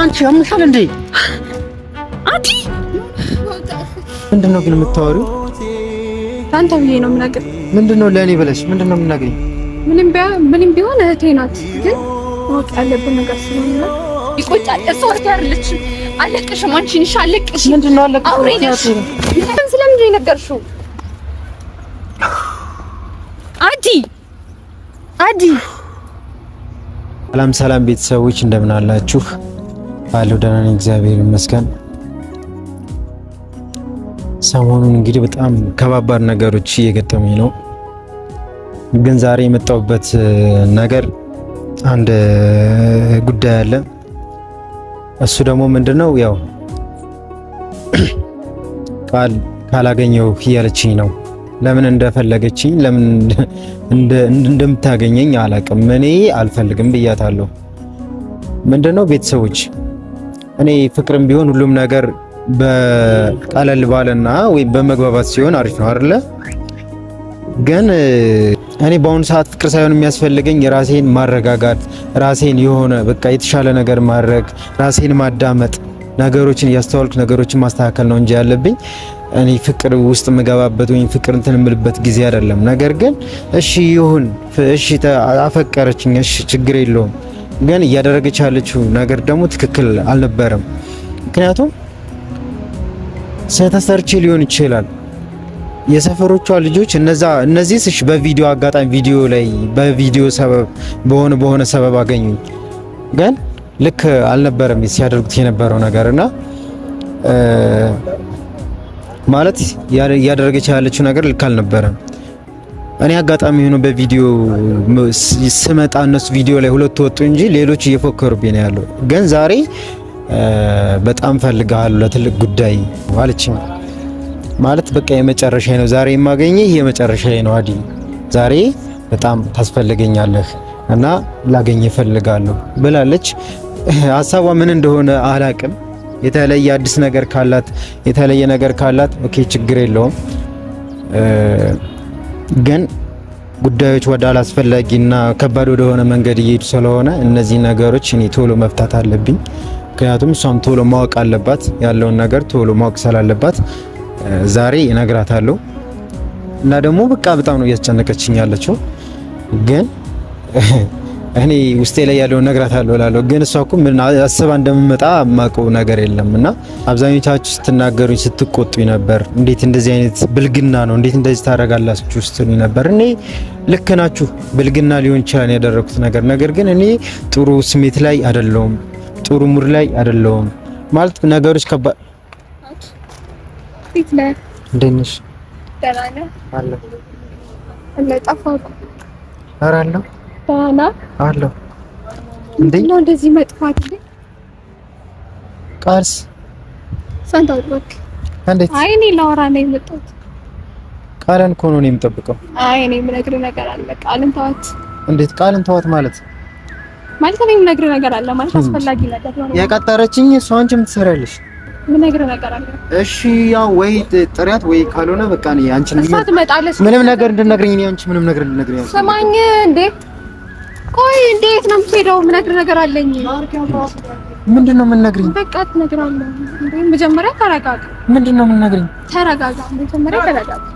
አንቺ ያምሻል እንዴ? አንቺ ምንድነው ግን የምታወሪው? አንተ ብዬ ነው የምናገር። ምንድነው ለእኔ ብለሽ ምንድነው የምናገኝ? ምንም ቢያ ምንም ቢሆን እህቴ ናት፣ ግን ማወቅ ያለብን ነገር ስለሆነ ይቆጫል። እሷ እህቴ አይደለች። አለቅሽም፣ አንቺን ይሻ አለቅሽ። ምንድነው አለቅሽ? አውሬ ነሽ። ስለምንድን ነው የነገርሽው? አዲ አዲ ሰላም ሰላም ቤተሰቦች እንደምን አላችሁ? አለሁ ደህና ነኝ፣ እግዚአብሔር ይመስገን። ሰሞኑን እንግዲህ በጣም ከባባድ ነገሮች እየገጠመኝ ነው፣ ግን ዛሬ የመጣሁበት ነገር አንድ ጉዳይ አለ። እሱ ደግሞ ምንድነው? ያው ቃል ካላገኘው እያለችኝ ነው። ለምን እንደፈለገችኝ ለምን እንደምታገኘኝ አላውቅም። እኔ አልፈልግም ብያታለሁ። ምንድነው ቤተሰቦች እኔ ፍቅርም ቢሆን ሁሉም ነገር በቀለል ባለና ወይም በመግባባት ሲሆን አሪፍ ነው አይደለ? ግን እኔ በአሁኑ ሰዓት ፍቅር ሳይሆን የሚያስፈልገኝ ራሴን ማረጋጋት፣ ራሴን የሆነ በቃ የተሻለ ነገር ማድረግ፣ ራሴን ማዳመጥ፣ ነገሮችን እያስተዋልኩ ነገሮችን ማስተካከል ነው እንጂ ያለብኝ እኔ ፍቅር ውስጥ የምገባበት ወይም ፍቅር እንትን የምልበት ጊዜ አይደለም። ነገር ግን እሺ ይሁን፣ እሺ አፈቀረችኝ፣ እሺ ችግር የለውም ግን እያደረገች ያለችው ነገር ደግሞ ትክክል አልነበረም። ምክንያቱም ስተሰርቼ ሊሆን ይችላል የሰፈሮቿ ልጆች እነዛ እነዚህ ስሽ በቪዲዮ አጋጣሚ ቪዲዮ ላይ በቪዲዮ ሰበብ በሆነ በሆነ ሰበብ አገኙኝ፣ ግን ልክ አልነበረም ሲያደርጉት የነበረው ነገር እና ማለት እያደረገች ያለችው ነገር ልክ አልነበረም። እኔ አጋጣሚ ሆኖ በቪዲዮ ስመጣ እነሱ ቪዲዮ ላይ ሁለት ወጡ እንጂ ሌሎች እየፎከሩብኝ ነው ያለው። ግን ዛሬ በጣም ፈልጋለሁ ለትልቅ ጉዳይ አለችኝ። ማለት በቃ የመጨረሻ ነው ዛሬ የማገኘ የማገኘህ የመጨረሻ ነው አዲ፣ ዛሬ በጣም ታስፈልገኛለህ እና ላገኘ ፈልጋለሁ ብላለች። ሀሳቧ ምን እንደሆነ አላቅም። የተለየ አዲስ ነገር ካላት የተለየ ነገር ካላት ኦኬ ችግር የለውም ግን ጉዳዮች ወደ አላስፈላጊና ከባድ ወደሆነ መንገድ እየሄዱ ስለሆነ እነዚህ ነገሮች እኔ ቶሎ መፍታት አለብኝ። ምክንያቱም እሷም ቶሎ ማወቅ አለባት፣ ያለውን ነገር ቶሎ ማወቅ ስላለባት ዛሬ እነግራታለሁ። እና ደግሞ በቃ በጣም ነው እያስጨነቀችኝ ያለችው ግን እኔ ውስጤ ላይ ያለውን እነግራታለሁ እላለሁ። ግን እሷ እኮ ምን አስባ እንደምመጣ የማውቀው ነገር የለም። እና አብዛኞቻችሁ ስትናገሩኝ ስትቆጡኝ ነበር። እንዴት እንደዚህ አይነት ብልግና ነው፣ እንዴት እንደዚህ ታደርጋላችሁ ስትሉኝ ነበር። እኔ ልክ ናችሁ፣ ብልግና ሊሆን ይችላል ያደረኩት ነገር። ነገር ግን እኔ ጥሩ ስሜት ላይ አይደለሁም፣ ጥሩ ሙድ ላይ አይደለሁም። ማለት ነገሮች ከባድ እንዴት አለ ደህና አለሁ። ነው እንደዚህ መጥፋት? ቃርስ ሳንታ ወጥክ? እንዴት? አይ እኔ ላወራ ነው የመጣሁት። ቃልን እኮ ነው የምጠብቀው። አይ እኔ የምነግርህ ነገር አለ። ቃልን ተዋት። እንዴት ቃልን ተዋት ማለት ማለት እኔ የምነግርህ ነገር አለ ማለት አስፈላጊ ነገር ነው። የቀጠረችኝ እሷ፣ አንቺ ምን ነገር አለ። እሺ ያው ወይ ጥሪያት ወይ ካልሆነ በቃ ነው አንቺ ምንም ነገር እንድነግርኝ ነው አንቺ ምንም ነገር እንድትነግሪኝ። ሰማኝ እንዴ ቆይ እንዴት ነው የምትሄደው? የምነግርህ ነገር አለኝ። ምንድን ነው የምንነግርኝ? በቃ ትነግራለህ። መጀመሪያ ተረጋጋ። ምንድን ነው የምንነግርኝ? ተረጋጋ። መጀመሪያ ተረጋጋ።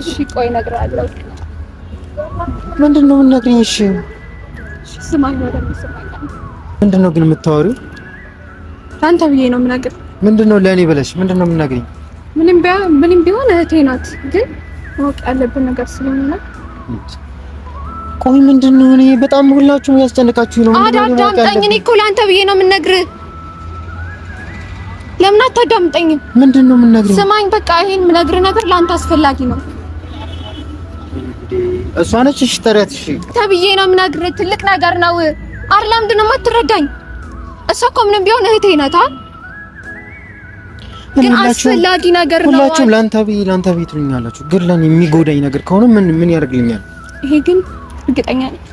እሺ ቆይ እነግርሃለሁ። ምንድን ነው የምንነግርኝ? እሺ ስማኝ፣ ወደ ስማኝ። ምንድን ነው ግን የምታወሪው? አንተ ብዬ ነው የምነግርህ። ምንድን ነው ለእኔ ብለሽ ምንድን ነው የምንነግርኝ? ምንም ቢሆን እህቴ ናት፣ ግን ማወቅ ያለብን ነገር ስለሆነ ቆይ ምንድን ነው? እኔ በጣም ሁላችሁም እያስጨነቃችሁ ነው። አዳምጠኝ። እኔ እኮ ለአንተ ብዬ ነው የምነግርህ። ለምን አታዳምጠኝም? ምንድን ነው የምነግርህ? ስማኝ፣ በቃ ይሄን የምነግርህ ነገር ለአንተ አስፈላጊ ነው። እሷ ነች። እሺ፣ ተረት። እሺ ተብዬ ነው የምነግርህ። ትልቅ ነገር ነው። አርላም ድን ነው የማትረዳኝ? እሷ እኮ ምንም ቢሆን እህቴ ናት። ግን አስፈላጊ ነገር ነው። ሁላችሁም ለአንተ ብዬ ለአንተ ብዬ ትሉኛላችሁ፣ ግን ለእኔ የሚጎዳኝ ነገር ከሆነ ምን ምን ያደርግልኛል? ይሄ ግን እርግጠኛ ነኝ።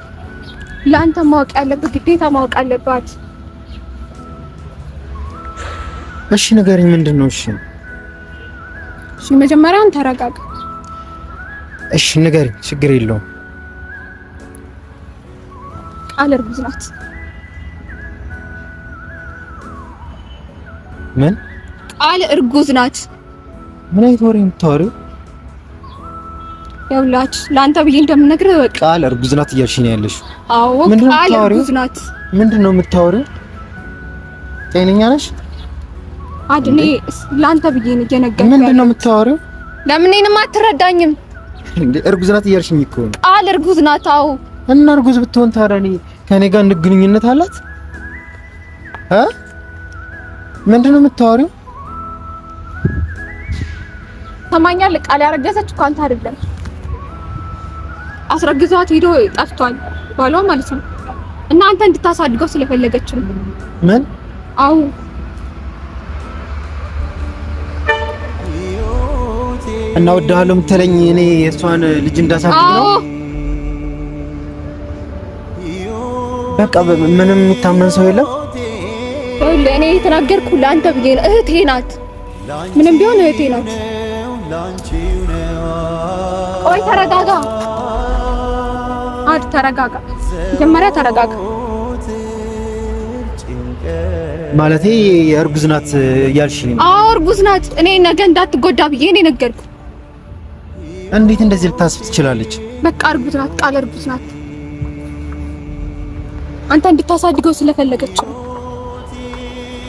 ለአንተ ማወቅ ያለብህ ግዴታ ማወቅ አለባት። እሺ ንገሪኝ፣ ምንድን ነው? እሺ እሺ፣ መጀመሪያውን ተረጋጋ። እሺ ንገሪኝ፣ ችግር የለውም። ቃል እርጉዝ ናት። ምን? ቃል እርጉዝ ናት። ምን አይነት ወሬ የምታወሪው? ያውላች ለአንተ ብዬ እንደምነግር በቃ ቃል እርጉዝ ናት እያልሽ ነው ያለሽ? አዎ ቃል እርጉዝ ናት። ምንድን ነው የምታወሪው? ጤነኛ ነሽ? አድኔ ለአንተ ብዬ ነው እየነገርኩህ። ምንድን ነው የምታወሪው? ለምን እኔንም አትረዳኝም? እንዴ እርጉዝ ናት እያልሽኝ እኮ ነው። ቃል እርጉዝ ናት። አዎ እና እርጉዝ ብትሆን ታዲያ እኔ ከኔ ጋር ግንኙነት አላት? እ ምንድን ነው የምታወሪው? ሰማኛል። ቃል ያረገዘች እኮ አንተ አይደለም አስረግዟት ሄዶ ጠፍቷል ባሏ ማለት ነው። እና አንተ እንድታሳድገው ስለፈለገች ነው። ምን? አዎ እና ወደኋላ የምትለኝ እኔ እሷን ልጅ እንዳሳድግ ነው። በቃ ምንም የሚታመን ሰው የለም። እኔ የተናገርኩ ለአንተ ብዬ ነው። እህቴ ናት፣ ምንም ቢሆን እህቴ ናት። ቆይ ተረጋጋ። አድ ተረጋጋ፣ መጀመሪያ ተረጋጋ። ማለቴ እርጉዝ ናት እያልሽ? አዎ እርጉዝ ናት። እኔ ነገ እንዳትጎዳ ብዬ እኔ ነገርኩ። እንዴት እንደዚህ ልታስብ ትችላለች? በቃ እርጉዝ ናት፣ ቃል እርጉዝ ናት። አንተ እንድታሳድገው ስለፈለገች ነው።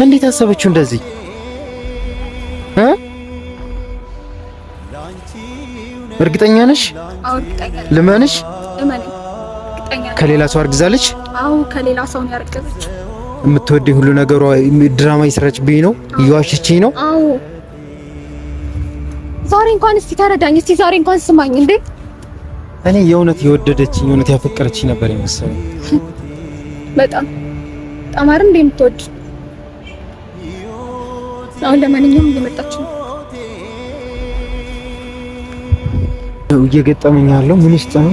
እንዴት አሰበችው እንደዚህ እ እርግጠኛ ነሽ? አዎ ልመንሽ? ከሌላ ሰው አርግዛለች? አዎ ከሌላ ሰው ነው ያረገዘች። የምትወደኝ ሁሉ ነገሯ ድራማ የሰራችብኝ ነው፣ እየዋሸችኝ ነው። አዎ ዛሬ እንኳን እስቲ ተረዳኝ፣ እስቲ ዛሬ እንኳን ስማኝ እንዴ። እኔ የእውነት የወደደችኝ የእውነት ያፈቀረችኝ ነበር የመሰለኝ። በጣም ጠማር እንዴ የምትወድ አሁን ለማንኛውም እየመጣች ነው። እየገጠመኝ ያለው ምን ውስጥ ነው?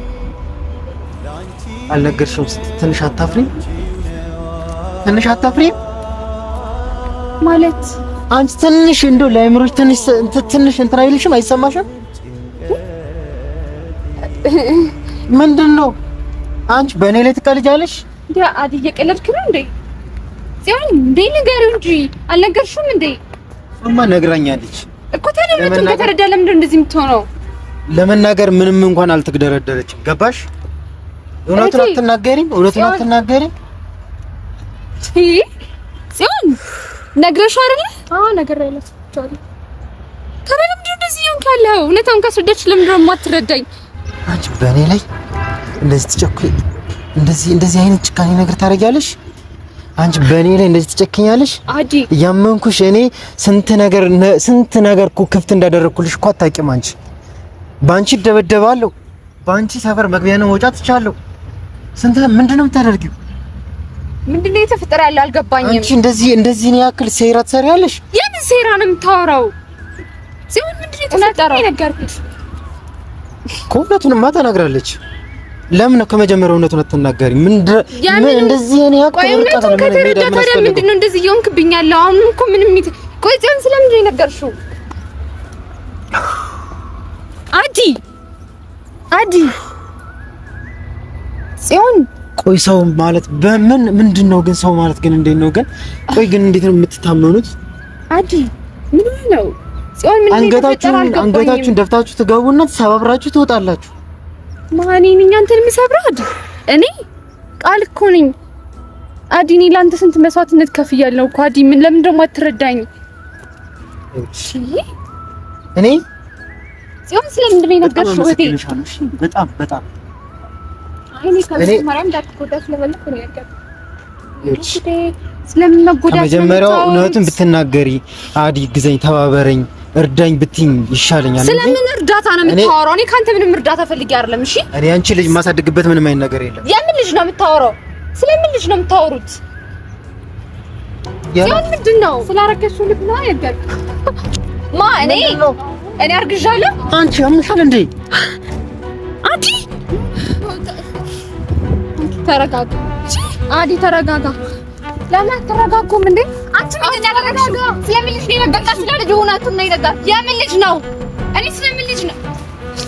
አልነገርሽም? ትንሽ አታፍሪም? ትንሽ አታፍሪም ማለት አንቺ ትንሽ እንዶ ለአይምሮች ትንሽ ትንሽ እንትን አይልሽም? አይሰማሽም? ምንድን ነው አንቺ በእኔ ላይ ትቀልጃለሽ? ያ አዲ እየቀለድክ ነው እንዴ? ጽዮን እንዴ ንገሪው እንጂ አልነገርሽም እንዴ? እማ ነግራኛለች እኮ ታዲያ፣ ሁለቱም ከተረዳ ለምንድን ነው እንደዚህ የምትሆነው? ለመናገር ምንም እንኳን አልተግደረደረችም። ገባሽ? እውነቱን አትናገሪም? እውነቱን አትናገሪም? ጽዮን ነግረሽ አይደል? አዎ ነግሬያለሁ። ከምንድን እንደዚህ ይሁን ካለው እውነታውን ካስረዳች ለምንድን ነው የማትረዳኝ? አንቺ በእኔ ላይ እንደዚህ ትጨኩኝ፣ እንደዚህ እንደዚህ አይነት ጭካኔ ነገር ታደርጊያለሽ? አንቺ በእኔ ላይ እንደዚህ ትጨክኛለሽ? አዲ እያመንኩሽ እኔ ስንት ነገር ስንት ነገር እኮ ክፍት እንዳደረግኩልሽ እኮ አታውቂም አንቺ። በአንቺ እደበደባለሁ፣ በአንቺ ሰፈር መግቢያ ነው መውጫ ትቻለሁ። ስንት ምንድን ነው የምታደርጊው? ምንድን ነው የተፈጠረ? ያለ አልገባኝም። አንቺ እንደዚህ እንደዚህ ነው ያክል ሴራ ትሰሪያለሽ? የምን ሴራ ነው የምታወራው? ሲሆን ምንድን ነው የተፈጠረው? ነገርኩት እኮ እውነቱንማ ተናግራለች። ለምን ነው ከመጀመሪያው እውነቱን አትናገሪ? ምን እንደዚህ ነው ያክል እውነቱን ከተረዳ ታዲያ ምንድን ነው እንደዚህ እየሆንክብኝ ያለው? አሁን እኮ ምንም ይት ቆይ፣ ጽዮን ስለምንድን ነው የነገርሽው? አዲ አዲ ጽዮን ቆይ ሰው ማለት በምን ምንድን ነው ግን? ሰው ማለት ግን እንዴት ነው ግን? ቆይ ግን እንዴት ነው የምትታመኑት? አዲ ምን ነው ጽዮን ምን አንገታችሁን አንገታችሁን ደፍታችሁ ትገቡና ተሰባብራችሁ ትወጣላችሁ። ማን እኛ አንተን የምሰብረው አዲ? እኔ ቃል እኮ ነኝ አዲ። እኔ ለአንተ ስንት መስዋዕትነት ከፍያለሁ እኮ አዲ። ምን ለምን ደግሞ አትረዳኝ? እሺ እኔ ጽዮን ስለምንድን ነው የነገርሽው? በጣም በጣም ከመጀመሪያው እውነቱን ብትናገሪ አዲ ግዘኝ፣ ተባበረኝ፣ እርዳኝ ብትኝ ይሻለኛል። ስለምን እርዳታ ነው የምታወራው? እኔ ካንተ ምንም እርዳታ ፈልጌ አይደለም። እሺ እኔ አንቺ ልጅ የማሳድግበት ምንም አይነት ነገር የለም። የምን ልጅ ነው የምታወራው? ስለምን ልጅ ነው የምታወሩት? ያን ምንድን ነው ስላረገሽው ልብ ነው ያገር ማ እኔ እኔ አርግዣለሁ። አንቺ አምሻል እንዴ አንቺ ተረጋጋ አዲ፣ ተረጋጋ። ለምን አትረጋጉም እንዴ? አንቺ ምን እያደረጋችሁ? የምን ልጅ ነው? በቃ ስለ ልጅ ሆናችሁ ነው ይነጋ። የምን ልጅ ነው? እኔ ስለ ልጅ ነው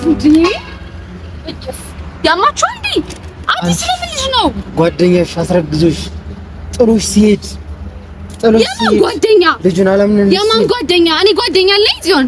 እንዴ? እጭስ ያማችሁ እንዴ? አንቺ ስለ ልጅ ነው? ጓደኛሽ አስረግዞሽ ጥሎሽ ሲሄድ ጥሎሽ ሲሄድ የማን ጓደኛ? ልጁን አላምንም። የማን ጓደኛ? እኔ ጓደኛ አለኝ ጽዮን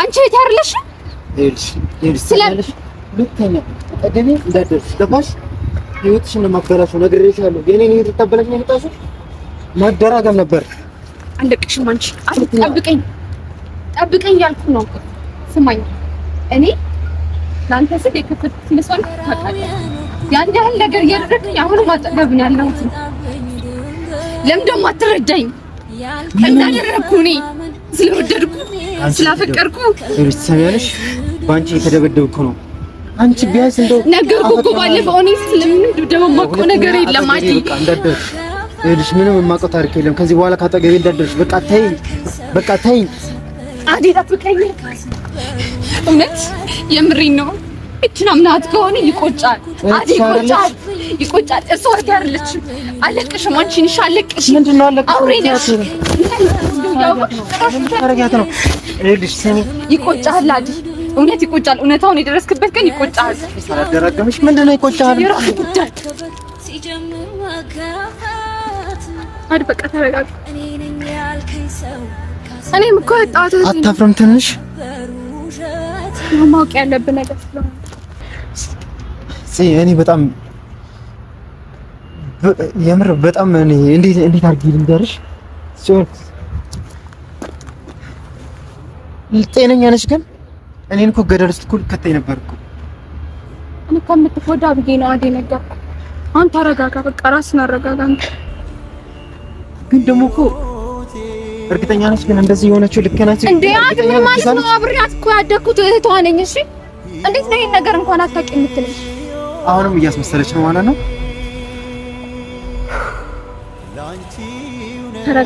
አንቺ ቤት ያርልሽ ስለልሽ ህይወትሽን ማበላሽው ነግሬሻለሁ። የኔን ህይወት ተበላሽ ነው የመጣሽው። ማደራገም ነበር። አለቅሽም አንቺ ጠብቀኝ ጠብቀኝ ያልኩ ነው። ስማኝ እኔ ለአንተ ስል የከፈት ስለሷል ታውቃለህ። ያን ያህል ነገር እያደረግኝ አሁን ማጠገብ ነው ያለሁት። ለምን ደግሞ አትረዳኝ? እንዳደረኩ እኔ ስለወደድኩ ስላፈቀርኩ ቤተሰብ ያለሽ በአንቺ የተደበደብኩ ነው። አንቺ ቢያንስ እንደው ነገርኩ እኮ ባለፈው። እኔ ስለምንም ድብደባ የማውቀው ነገር የለም። አዲ ይኸውልሽ፣ ምንም የማውቀው ታሪክ የለም። ከዚህ በኋላ ካጠገቤ እንዳትደርሽ። በቃ ተይኝ፣ በቃ ተይኝ። አዲ ጠብቀኝ። እውነት የምሬን ነው። እችን አምናት ከሆነ ይቆጫል። አዲ ይቆጫል። ይቆጫል። እሷ ወርድ አይደለችም። አለቅሽም። አንቺ ነሽ አለቅሽ። ምንድን ነው አለቅሽ? አውሬ ነሽ። ይቆጫል። አዲ እውነት ይቆጫል። እውነታውን የደረስክበት ቀን ይቆጫል። ምንድን ነው ይቆጫል? አዲ በቃ ተረጋጋ። እኔም እኮ አታፍርም ትንሽ ማወቅ ያለብን ነገር እኔ በጣም የምር በጣም እኔ እንዴት እንዴት አድርጌ ልንገርሽ? ሲሆን ጤነኛ ነሽ፣ ግን እኔን እኮ ገደል ውስጥ እኮ ልከተኝ ነበር እኔ እኮ የምትጎዳ ብዬ ነው አዴ ነገር። አንተ አረጋጋ፣ በቃ ራስን አረጋጋ። ግን ደግሞ እኮ እርግጠኛ ነሽ፣ ግን እንደዚህ የሆነችው ልክ ናት እንዴ? አንተ ምን ማለት ነው? አብሬያት እኮ ያደግኩት እህቷ ነኝ። እሺ፣ እንዴት ነው ይሄን ነገር እንኳን አታውቂ የምትለኝ? አሁንም እያስመሰለች ነው ማለት ነው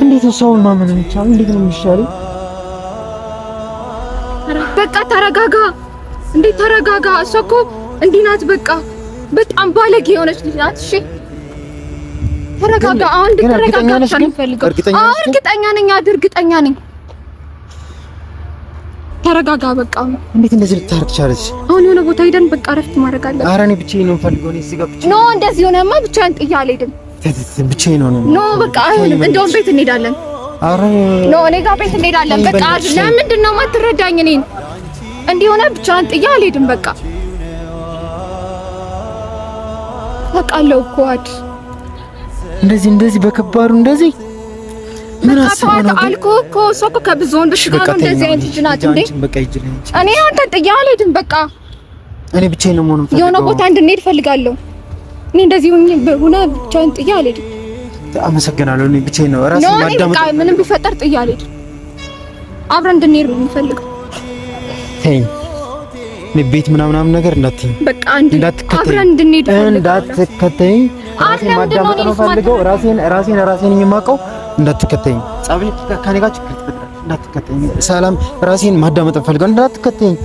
እንዴት ነው ሰውን ማመን የሚቻለው? እንዴት ነው የሚሻለው? በቃ ተረጋጋ። እንዴት ተረጋጋ። እሷ እኮ እንዲህ ናት። በቃ በጣም ባለጌ የሆነች ልጅ ናት። እሺ ተረጋጋ። አሁን እንድትረጋጋ እንፈልጋለን። እርግጠኛ ነኝ፣ እርግጠኛ ነኝ። ተረጋጋ። በቃ እንዴት እንደዚህ ልታረግ ቻለች? አሁን የሆነ ቦታ ሄደን በቃ እረፍት ማድረግ አለብን። ኧረ እኔ ብቻዬን ነው የምፈልገው። እኔ እዚህ ጋር ብቻዬን ነው። እንደዚህ ሆነማ ብቻዬን ጥዬ አልሄድም። ብቻዬን ነው ኖ በቃ አይሆንም። እንደውም ቤት እንሄዳለን። አረ ኖ እኔ ጋር ቤት እንሄዳለን። በቃ ለምንድን ነው የማትረዳኝ? እኔን እንዲህ ሆነ ብቻህን ጥዬ አልሄድም። በቃ ታውቃለሁ እኮ አይደል እንደዚህ እንደዚህ በከባዱ እንደዚህ ምን አሰፋት አልኩህ እኮ እሷ እኮ ከብዙ ወንዶች ጋር ነው እንደዚህ አይነት ልጅ ናት እንዴ። እኔ አንተን ጥዬ አልሄድም። በቃ እኔ ብቻዬን ነው የሆነ ቦታ እንድንሄድ እፈልጋለሁ። እኔ እንደዚህ ሆነ ብቻዬን ጥዬ አልሄድም። አመሰግናለሁ። እኔ ብቻዬን ነው ራሴ ማዳመጥ ነው። ምንም ቢፈጠር ጥዬ አልሄድም። አብረን እንድንሄድ ነው የምፈልገው። ተይኝ፣ እኔ ቤት ምናምን ነገር እንዳትይኝ፣ በቃ አብረን እንድንሄድ እንዳትከተይኝ። ራሴን ማዳመጥ ነው የምፈልገው። ራሴን ራሴን ራሴን የማውቀው እንዳትከተይኝ። ጸብ ከኔ ጋር ችግር ትፈጥራለህ። እንዳትከተይኝ። ሰላም ራሴን ማዳመጥ ነው የምፈልገው። እንዳትከተይኝ